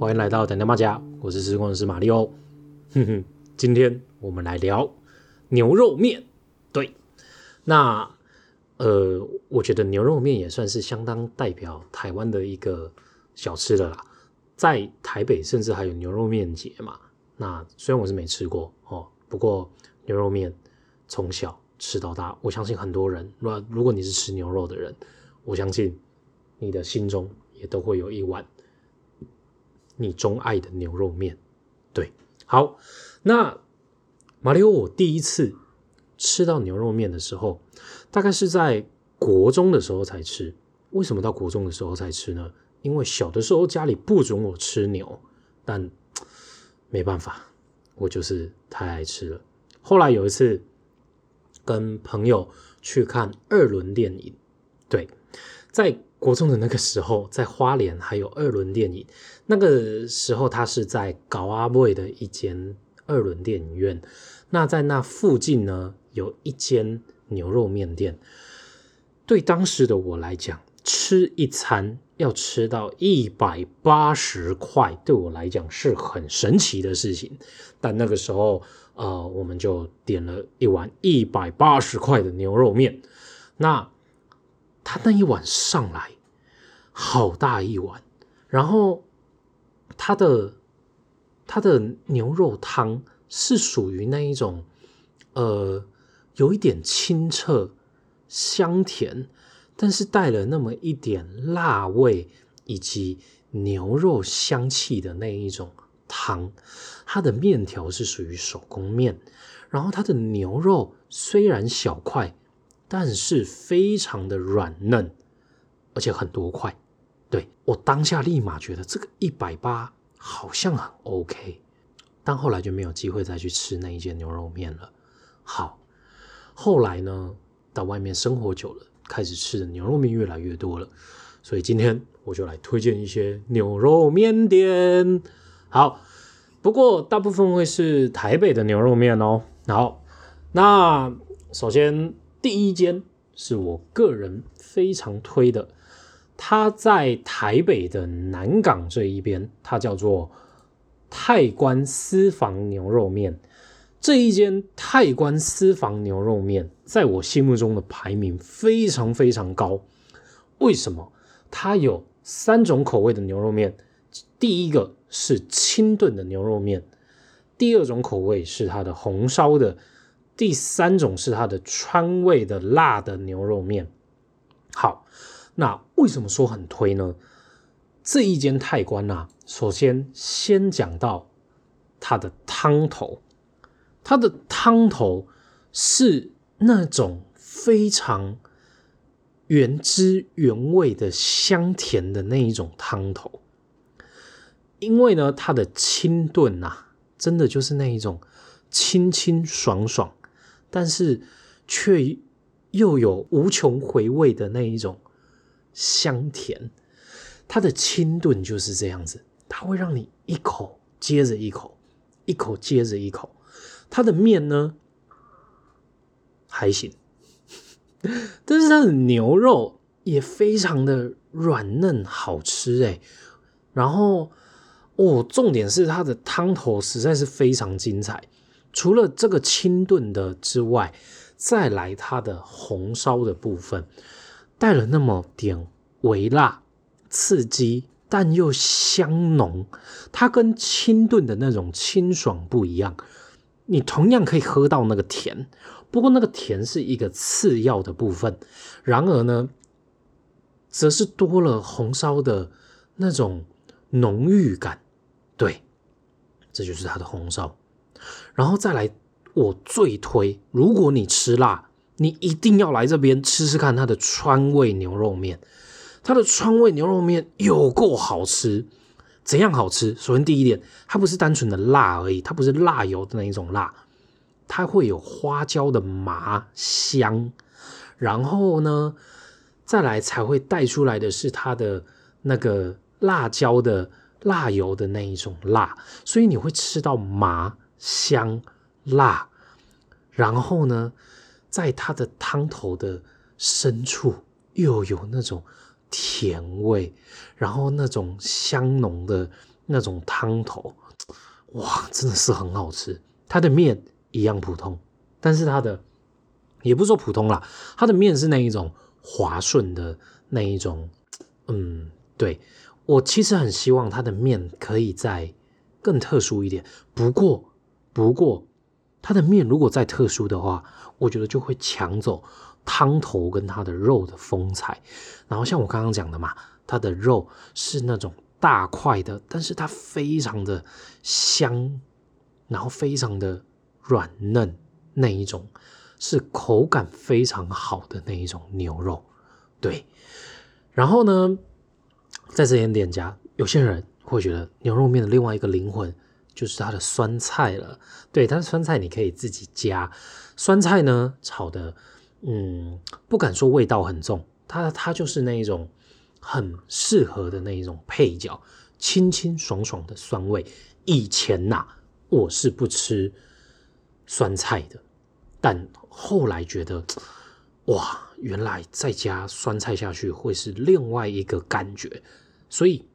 歡迎來到《惦惦嘛吃》，我是試吃工程師馬力歐。哼哼，今天我們來聊牛肉麵。對，那呃，我覺得牛肉麵也算是相當代表台灣的一個小吃的啦。在台北，甚至還有牛肉麵節嘛。那雖然我是沒吃過哦，不過牛肉麵從小吃到大，我相信很多人，如果如果你是吃牛肉的人，我相信你的心中也都會有一碗。你鍾愛的牛肉麵，對，好。那馬力歐我第一次吃到牛肉麵的時候，大概是在國中的時候才吃。為什麼到國中的時候才吃呢？因為小的時候家裡不准我吃牛，但沒辦法，我就是太愛吃了。後來有一次跟朋友去看二輪電影，對，在，國中的那個時候，在花蓮還有二輪電影，那個時候他是在高阿妹的一間二輪電影院。那在那附近呢，有一間牛肉麵店。對當時的我來講，吃一餐要吃到一百八十塊，對我來講是很神奇的事情。但那個時候，呃，我們就點了一碗一百八十塊的牛肉麵。那他那一碗上來，好大一碗，然後他的他的牛肉湯是屬於那一種，呃，有一點清澈、香甜，但是帶了那麼一點辣味以及牛肉香氣的那一種湯。它的麵條是屬於手工面，然後它的牛肉雖然小塊。但是非常的軟嫩，而且很多塊，對，我當下立馬覺得這個一百八好像很 OK，但後來就沒有機會再去吃那一間牛肉麵了。好，後來呢，到外面生活久了，開始吃的牛肉麵越來越多了，所以今天我就來推薦一些牛肉麵店。好，不過大部分會是台北的牛肉麵哦。好，那首先。第一間是我個人非常推的，它在台北的南港這一邊，它叫做泰官私房牛肉麵。這一間泰官私房牛肉麵在我心目中的排名非常非常高。為什麼？它有三種口味的牛肉麵，第一個是清燉的牛肉麵，第二種口味是它的紅燒的。第三種是它的川味的辣的牛肉麵，好，那為什麼說很推呢？這一間泰觀啊，首先先講到它的湯頭，它的湯頭是那種非常原汁原味的香甜的那一種湯頭，因為呢，它的清燉啊，真的就是那一種清清爽爽。但是，卻又有無窮回味的那一種香甜。它的清燉就是這樣子，它會讓你一口接着一口，一口接着一口。它的麵呢還行，但是它的牛肉也非常的軟嫩好吃哎。然後哦，重點是它的湯頭實在是非常精彩。除了這個清燉的之外，再來它的紅燒的部分，帶了那麼點微辣刺激，但又香濃。它跟清燉的那種清爽不一樣。你同樣可以喝到那個甜，不過那個甜是一個次要的部分。然而呢，則是多了紅燒的那種濃郁感。對，這就是它的紅燒。然後再來，我最推，如果你吃辣，你一定要來這邊吃吃看它的川味牛肉麵。它的川味牛肉麵有夠好吃，怎樣好吃？首先第一點，它不是單純的辣而已，它不是辣油的那一種辣，它會有花椒的麻香。然後呢，再來才會帶出來的是它的那個辣椒的辣油的那一種辣，所以你會吃到麻。香辣，然後呢，在它的湯頭的深處又有那種甜味，然後那種香濃的那種湯頭，哇，真的是很好吃。它的麵一樣普通，但是它的也不是說普通啦，它的麵是那一種滑順的那一種，嗯，對，我其實很希望它的麵可以再更特殊一點，不過。不過，它的麵如果再特殊的話，我覺得就會搶走湯頭跟它的肉的風采。然後像我剛剛講的嘛，它的肉是那種大塊的，但是它非常的香，然後非常的軟嫩，那一種是口感非常好的那一種牛肉。對，然後呢，在這間店家，有些人會覺得牛肉麵的另外一個靈魂。就是它的酸菜了，對，但是酸菜你可以自己加。酸菜呢，炒的，嗯，不敢說味道很重，它它就是那一種很適合的那一種配角，清清爽爽的酸味。以前吶、啊，我是不吃酸菜的，但後來覺得，哇，原來再加酸菜下去會是另外一個感覺，所以。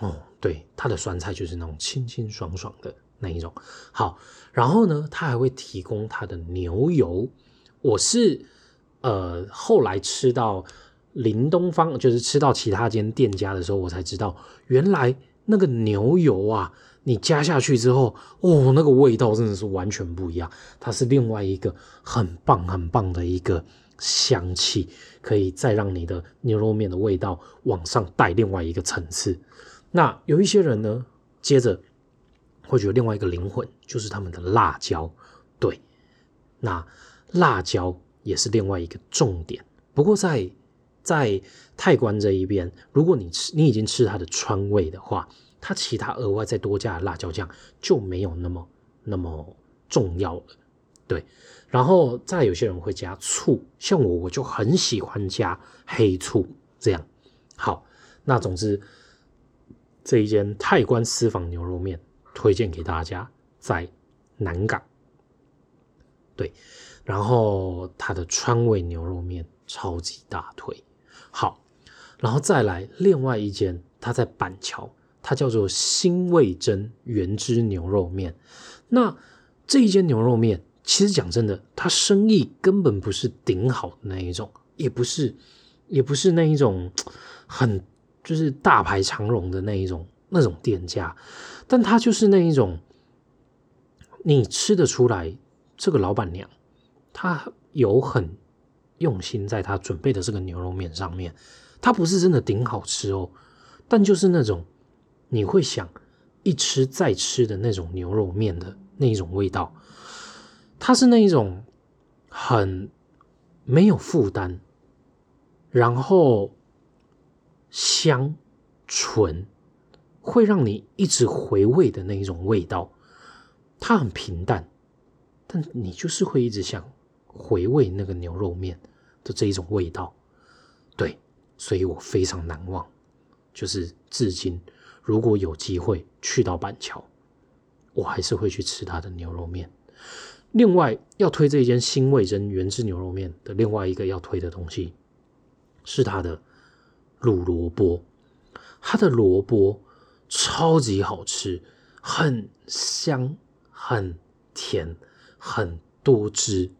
哦，對，它的酸菜就是那種清清爽爽的那一種。好，然後呢，它還會提供它的牛油。我是，呃，後來吃到林東方，就是吃到其他間店家的時候，我才知道原來那個牛油啊，你加下去之後，哦，那個味道真的是完全不一樣。它是另外一個很棒很棒的一個香氣，可以再讓你的牛肉麵的味道往上帶另外一個層次。那有一些人呢，接着會覺得另外一個靈魂就是他們的辣椒，對。那辣椒也是另外一個重點。不過在在台灣這一邊，如果你吃你已經吃它的川味的話，它其他額外再多加的辣椒醬就沒有那麼那麼重要了，對。然後再有些人會加醋，像我我就很喜歡加黑醋這樣。好，那總之。這一間泰關私房牛肉麵推薦給大家，在南港。對，然後它的川味牛肉麵超級大推。好，然後再來另外一間，它在板橋，它叫做新味珍原汁牛肉麵。那這一間牛肉麵，其實講真的，它生意根本不是頂好的那一種，也不是，也不是那一種很。就是大排長龍的那一種那種店家，但他就是那一種，你吃得出來，這個老板娘，她有很用心在她準備的這個牛肉面上面，她不是真的頂好吃哦，但就是那種你會想一吃再吃的那種牛肉麵的那一種味道，它是那一種很沒有負擔，然後。香醇，會讓你一直回味的那一種味道。它很平淡，但你就是會一直想回味那個牛肉麵的這一種味道。對，所以我非常難忘。就是至今，如果有機會去到板橋，我還是會去吃他的牛肉麵。另外要推這一間新味珍原汁牛肉麵的另外一個要推的東西，是他的。滷蘿蔔，它的蘿蔔超級好吃，很香、很甜、很多汁。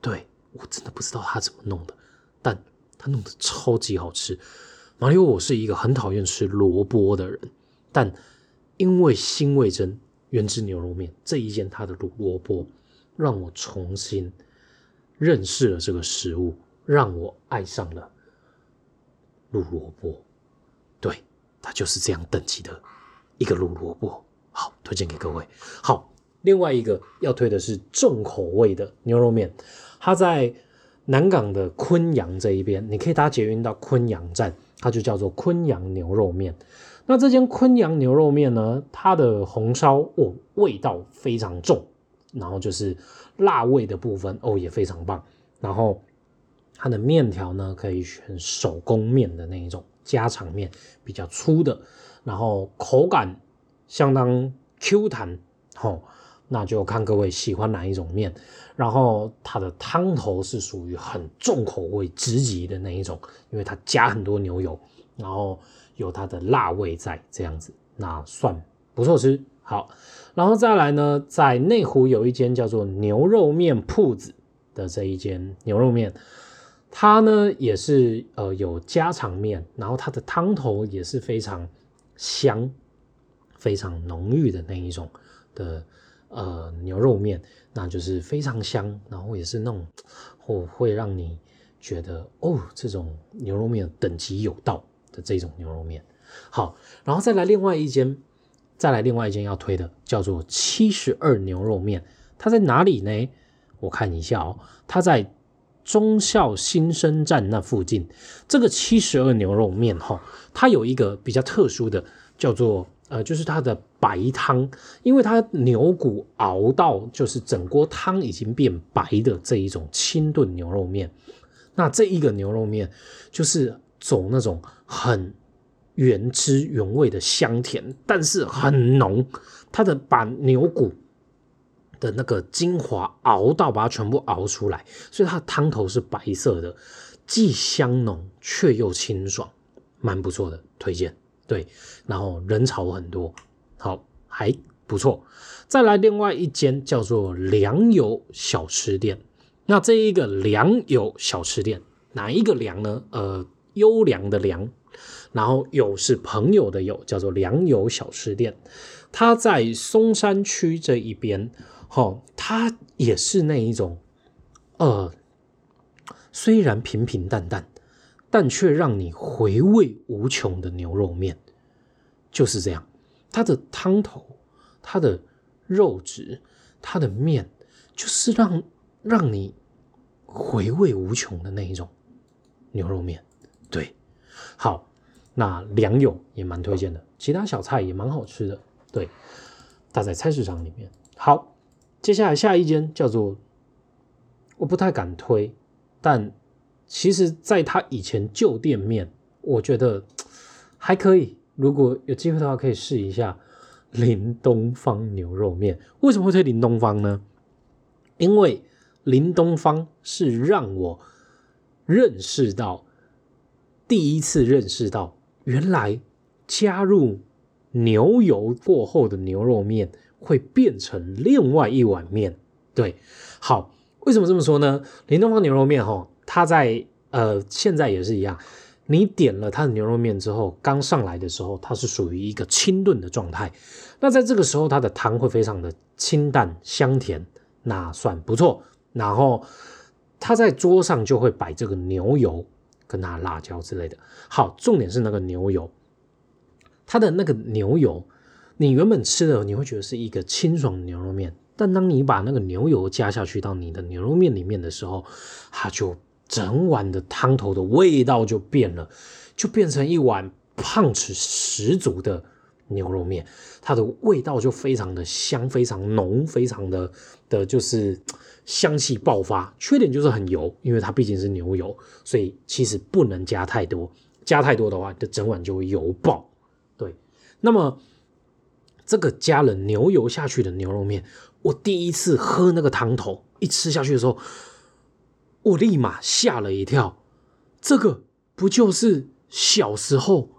對，我真的不知道他怎麼弄的，但他弄得超級好吃。馬力歐，我是一個很討厭吃蘿蔔的人，但因為新味珍原汁牛肉麵這一間，它的滷蘿蔔讓我重新認識了這個食物，讓我愛上了。滷蘿蔔，對，它就是這樣等級的一個滷蘿蔔，好，推薦給各位。好，另外一個要推的是重口味的牛肉麵，它在南港的昆陽這一邊，你可以搭捷運到昆陽站，它就叫做昆陽牛肉麵。那這間昆陽牛肉麵呢，它的紅燒哦味道非常重，然後就是辣味的部分哦也非常棒，然後。它的麵條呢，可以選手工麵的那一種，家常麵比較粗的，然後口感相當 Q 彈，吼，那就看各位喜歡哪一種麵。然後它的湯頭是屬於很重口味，直極的那一種，因為它加很多牛油，然後有它的辣味在，這樣子，那算不錯吃。好，然後再來呢，在內湖有一間叫做牛肉面鋪子的這一間牛肉麵。它呢，也是呃，有家常麵，然後它的湯頭也是非常香、非常濃郁的那一種的呃牛肉麵，那就是非常香，然後也是那種會、哦、會讓你覺得哦這種牛肉麵等級有到的這種牛肉麵。好，然後再來另外一間，再來另外一間要推的叫做七十二牛肉麵，它在哪裡呢？我看一下哦，它在。忠孝新生站那附近，這個七十二牛肉麵它有一個比較特殊的，叫做呃，就是它的白湯，因為它牛骨熬到就是整鍋湯已經變白的這一種清燉牛肉麵，那這一個牛肉麵就是走那種很原汁原味的香甜，但是很濃，它的把牛骨。的那個精華熬到把它全部熬出來，所以它的湯頭是白色的，既香濃卻又清爽，蠻不錯的，推薦。對，然後人潮很多，好，還不錯。再來另外一間叫做良友小吃店，那這一個良友小吃店，哪一個良呢？呃，優良的良，然後友是朋友的友，叫做良友小吃店，它在松山區這一邊。好、哦，它也是那一種，呃，雖然平平淡淡，但卻讓你回味無窮的牛肉麵，就是這樣。它的湯頭、它的肉質、它的麵，就是讓讓你回味無窮的那一種牛肉麵。對，好，那兩友也蠻推薦的，其他小菜也蠻好吃的。對，搭在菜市場裡面。好。接下來，下一間叫做我不太敢推，但其實，在他以前舊店面，我覺得還可以。如果有機會的話，可以試一下林東方牛肉麵。為什麼會推林東方呢？因為林東方是讓我認識到，第一次認識到，原來加入牛油過後的牛肉麵。會變成另外一碗麵，對，好，為什麼這麼說呢？林東方牛肉麵，哦，哈，它在呃現在也是一樣，你點了它的牛肉麵之後，剛上來的時候，它是屬於一個清燉的狀態，那在這個時候，它的湯會非常的清淡香甜，那算不錯。然後，它在桌上就會擺這個牛油跟那辣椒之類的，好，重點是那個牛油，它的那個牛油。你原本吃的你會覺得是一個清爽牛肉麵，但當你把那個牛油加下去到你的牛肉麵裡面的時候，它就整碗的湯頭的味道就變了，就變成一碗 punch 十足的牛肉麵，它的味道就非常的香，非常濃，非常的的就是香氣爆發。缺點就是很油，因為它畢竟是牛油，所以其實不能加太多，加太多的話，就整碗就會油爆。對，那麼。這個加了牛油下去的牛肉麵，我第一次喝那個湯頭，一吃下去的時候，我立馬嚇了一跳。這個不就是小時候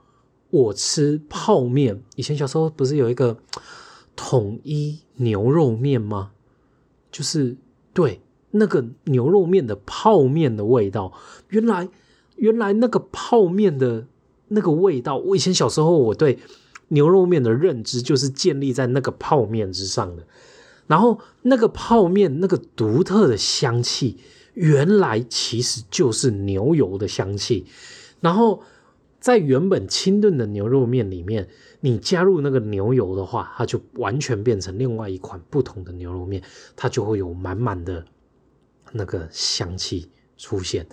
我吃泡麵？以前小時候不是有一個統一牛肉麵嗎？就是，對，那個牛肉麵的泡麵的味道。原來，原來那個泡麵的那個味道，我以前小時候我對。牛肉麵的認知就是建立在那個泡麵之上的，然後那個泡麵那個獨特的香氣，原來其實就是牛油的香氣。然後在原本清燉的牛肉麵裡面，你加入那個牛油的話，它就完全變成另外一款不同的牛肉麵，它就會有滿滿的那個香氣出現。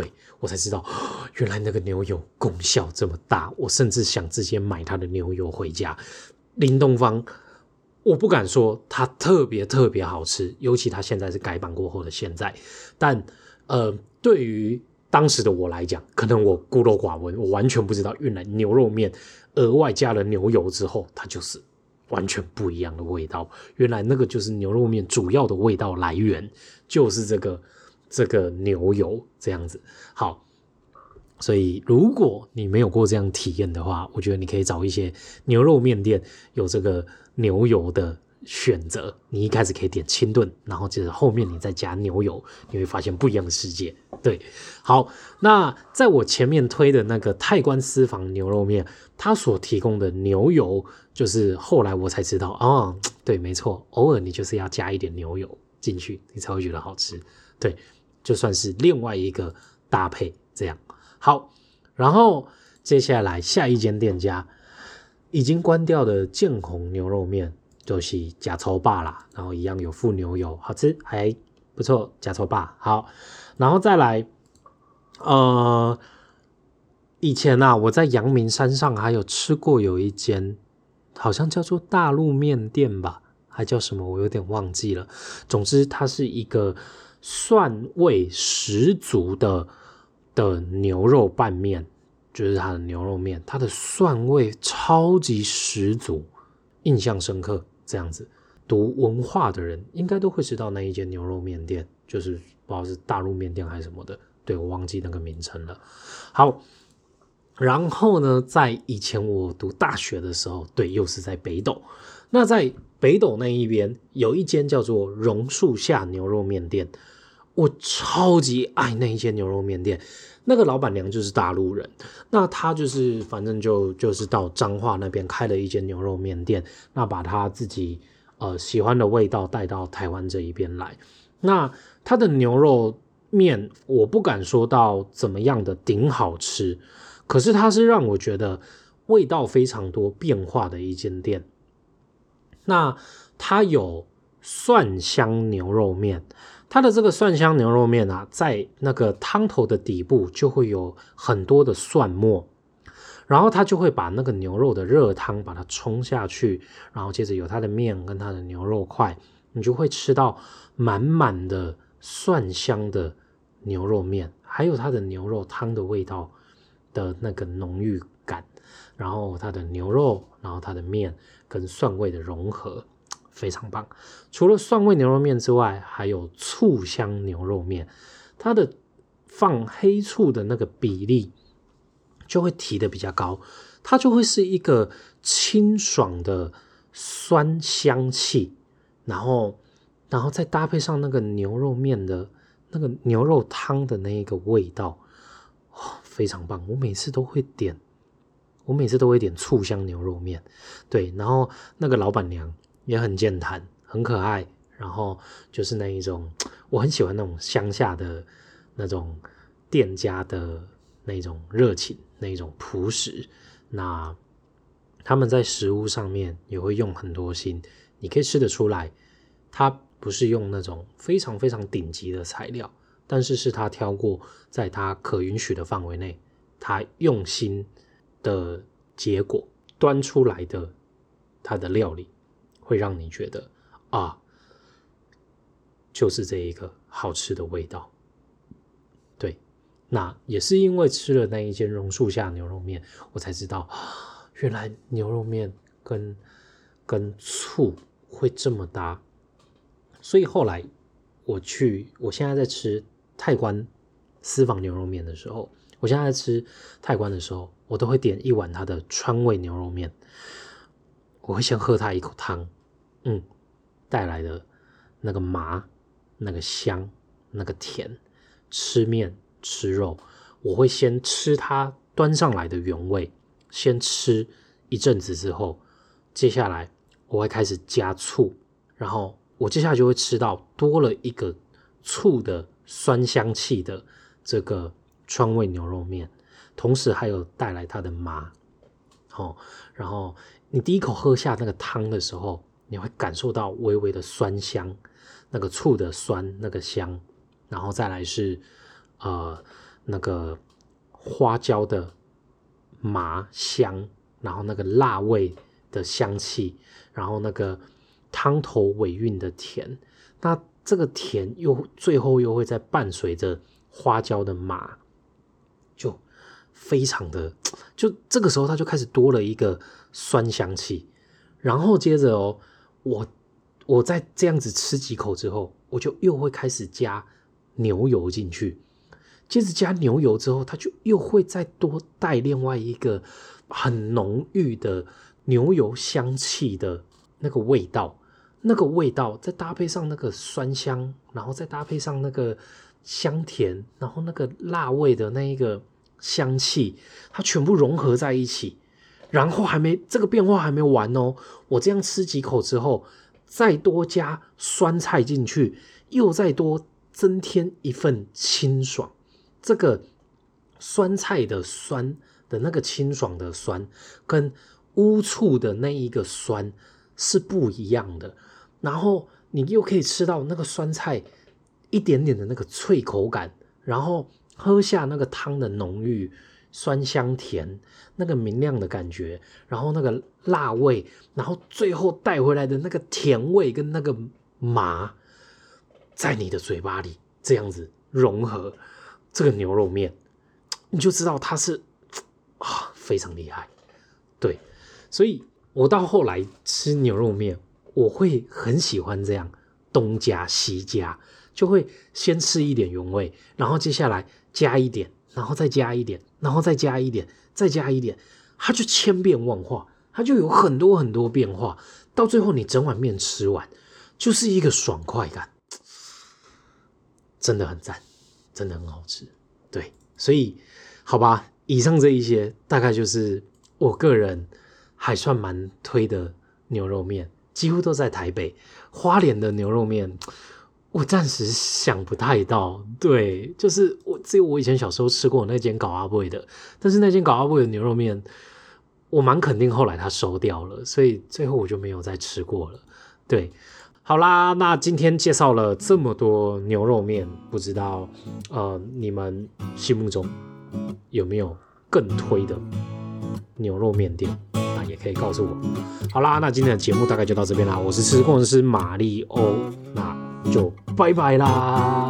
對，我才知道，原來那個牛油功效這麼大。我甚至想直接買它的牛油回家。林東方，我不敢說它特別特別好吃，尤其它現在是改版過後的現在。但呃，對於當時的我來講，可能我孤陋寡聞，我完全不知道，原來牛肉面額外加了牛油之後，它就是完全不一樣的味道。原來那個就是牛肉面主要的味道來源，就是這個。這個牛油這樣子好，所以如果你沒有過這樣體驗的話，我覺得你可以找一些牛肉麵店有這個牛油的選擇。你一開始可以點清燉，然後就是後面你再加牛油，你會發現不一樣的世界。對，好，那在我前面推的那個泰官私房牛肉麵，它所提供的牛油，就是後來我才知道啊，對，沒錯，偶爾你就是要加一點牛油進去，你才會覺得好吃。對。就算是另外一個搭配，這樣好。然後接下來下一間店家已經關掉的建宏牛肉麵，就是呷粗飽啦。然後一樣有附牛油，好吃還不錯。呷粗飽好。然後再來，呃，以前啊，我在陽明山上還有吃過，有一間好像叫做大陸麵店吧，還叫什麼，我有點忘記了。總之，它是一個，蒜味十足的的牛肉拌麵，就是它的牛肉麵，它的蒜味超級十足，印象深刻。這樣子，讀文化的人應該都會知道那一間牛肉麵店，就是不知道是大陸麵店還是什麼的，對，我忘記那個名稱了。好，然後呢，在以前我讀大學的時候，對，又是在北斗。那在北斗那一邊有一間叫做榕樹下牛肉麵店。我超級愛那一間牛肉麵店，那個老闆娘就是大陸人，那她就是反正就就是到彰化那邊開了一間牛肉麵店，那把她自己呃喜歡的味道帶到台灣這一邊來，那她的牛肉麵我不敢說到怎麼樣的頂好吃，可是它是讓我覺得味道非常多變化的一間店，那它有蒜香牛肉麵。它的這個蒜香牛肉麵啊，在那個湯頭的底部就會有很多的蒜末，然後它就會把那個牛肉的熱湯把它衝下去，然後接着有它的麵跟它的牛肉塊，你就會吃到滿滿的蒜香的牛肉麵，還有它的牛肉湯的味道的那個濃郁感，然後它的牛肉，然後它的麵跟蒜味的融合，非常棒！除了蒜味牛肉麵之外，還有醋香牛肉麵。它的放黑醋的那個比例就會提得比較高，它就會是一個清爽的酸香氣，然後，然後再搭配上那個牛肉麵的那個牛肉湯的那一個味道，哇，非常棒！我每次都會點，我每次都會點醋香牛肉麵。對，然後那個老闆娘。也很健談，很可愛，然後就是那一種，我很喜歡那種鄉下的那種店家的那種熱情，那種樸實。那他們在食物上面也會用很多心，你可以吃得出來，他不是用那種非常非常頂級的材料，但是是他挑過，在他可允許的範圍內，他用心的結果端出來的他的料理。會讓你覺得啊，就是這一個好吃的味道。對，那也是因為吃了那一間榕樹下牛肉麵，我才知道原來牛肉麵跟跟醋會這麼搭。所以後來我去，我現在在吃泰關私房牛肉麵的時候，我現在在吃泰關的時候，我都會點一碗它的川味牛肉麵，我會先喝它一口湯。嗯，帶來的那個麻、那個香、那個甜，吃麵吃肉，我會先吃它端上來的原味，先吃一陣子之後，接下來我會開始加醋，然後我接下來就會吃到多了一個醋的酸香氣的這個川味牛肉麵，同時還有帶來它的麻。哦，然後你第一口喝下那個湯的時候。你會感受到微微的酸香，那個醋的酸，那個香，然後再來是，呃，那個花椒的麻香，然後那個辣味的香氣，然後那個湯頭尾韻的甜，那這個甜又最後又會再伴隨着花椒的麻，就非常的，就這個時候它就開始多了一個酸香氣，然後接着哦。我，我在這樣子吃幾口之後，我就又會開始加牛油進去。接着加牛油之後，它就又會再多帶另外一個很濃郁的牛油香氣的那個味道。那個味道再搭配上那個酸香，然後再搭配上那個香甜，然後那個辣味的那一個香氣，它全部融合在一起。然後還沒這個變化還沒完哦，我這樣吃幾口之後，再多加酸菜進去，又再多增添一份清爽。這個酸菜的酸的那個清爽的酸，跟烏醋的那一個酸是不一樣的。然後你又可以吃到那個酸菜一點點的那個脆口感，然後喝下那個湯的濃郁。酸香甜，那個明亮的感覺，然後那個辣味，然後最後帶回來的那個甜味跟那個麻，在你的嘴巴裡這樣子融合，這個牛肉麵你就知道它是啊非常厲害。對，所以我到後來吃牛肉麵，我會很喜歡這樣東加西加，就會先吃一點原味，然後接下來加一點。然後再加一點，然後再加一點，再加一點，它就千變萬化，它就有很多很多變化。到最後你整碗麵吃完，就是一個爽快感，真的很讚，真的很好吃。對，所以好吧，以上這一些大概就是我個人還算蠻推的牛肉麵，幾乎都在台北，花蓮的牛肉麵。我暫時想不太到，對，就是我只有我以前小時候吃過那間搞阿貴的，但是那間搞阿貴的牛肉麵，我蠻肯定後來他收掉了，所以最後我就沒有再吃過了。對，好啦，那今天介紹了這麼多牛肉麵，不知道呃你們心目中有沒有更推的牛肉麵店？那也可以告訴我。好啦，那今天的節目大概就到這邊啦，我是吃貨工程師馬力歐。那就拜拜啦！